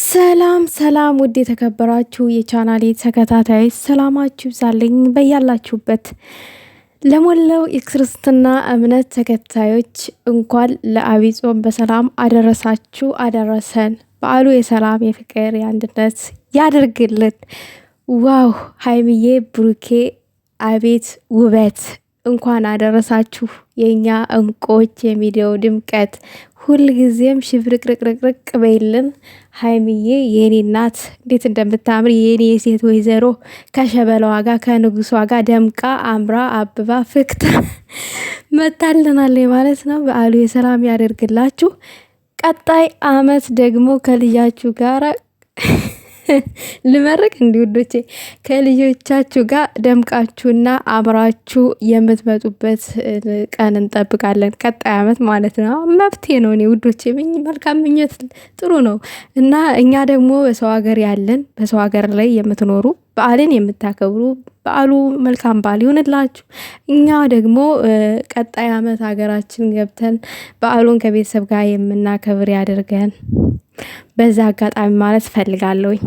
ሰላም ሰላም፣ ውድ የተከበራችሁ የቻናሌ ተከታታዮች ሰላማችሁ ይብዛልኝ በያላችሁበት። ለሞላው የክርስትና እምነት ተከታዮች እንኳን ለዐቢይ ጾም በሰላም አደረሳችሁ አደረሰን። በዓሉ የሰላም የፍቅር፣ የአንድነት ያደርግልን። ዋው ሀይምዬ ብሩኬ፣ አቤት ውበት እንኳን አደረሳችሁ የእኛ እንቆች የሚዲያው ድምቀት ሁልጊዜም ሽብርቅርቅርቅርቅ በይልን። ሀይምዬ የኔ እናት እንዴት እንደምታምር የኔ የሴት ወይዘሮ ከሸበለዋ ጋር ከንጉሷ ጋር ደምቃ አምራ አብባ ፍክታ መታልናለ ማለት ነው። በዓሉ የሰላም ያደርግላችሁ። ቀጣይ አመት ደግሞ ከልጃችሁ ጋር ልመርቅ እንዲ ውዶቼ ከልጆቻችሁ ጋር ደምቃችሁና አብራችሁ የምትመጡበት ቀን እንጠብቃለን። ቀጣይ ዓመት ማለት ነው። መብቴ ነው። እኔ ውዶቼ መልካም ምኞት ጥሩ ነው እና እኛ ደግሞ በሰው ሀገር ያለን በሰው ሀገር ላይ የምትኖሩ በዓልን የምታከብሩ በዓሉ መልካም በዓል ይሆንላችሁ። እኛ ደግሞ ቀጣይ ዓመት ሀገራችን ገብተን በዓሉን ከቤተሰብ ጋር የምናከብር ያደርገን። በዛ አጋጣሚ ማለት ፈልጋለሁኝ።